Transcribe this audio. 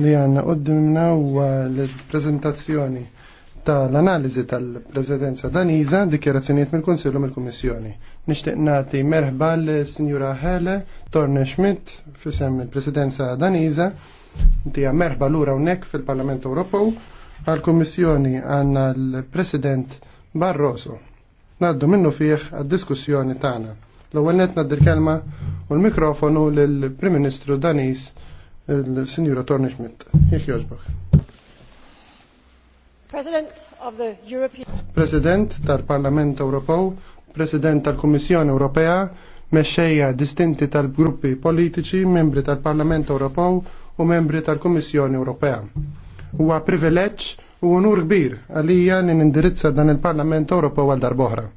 li għanna qoddimna u l-prezentazzjoni tal-analizi tal-prezidenza Danisa, dikjerazzjoniet mill konsillu mill-Kummissjoni. Nixtieq nagħti merħba l signora Hele Torne Schmidt fissem il-Presidenza Danisa, Tija merħba lura hawnhekk fil-Parlament Ewropew għall-Kummissjoni għandna l-President Barroso. Naddu minnu fih għad-diskussjoni tagħna. L-ewwel net naddir kelma u l-mikrofonu lill-Prim Ministru Daniż il-Sinjura Torni Schmidt. Jek joġbok. President of the European President tal-Parlament Ewropew, President tal-Kummissjoni Ewropea, mexxejja distinti tal-gruppi politiċi, membri tal-Parlament Ewropew u membri tal-Kummissjoni Ewropea. Huwa privileġġ u onur kbir għalija li nindirizza dan il-Parlament Ewropew għal darboħra.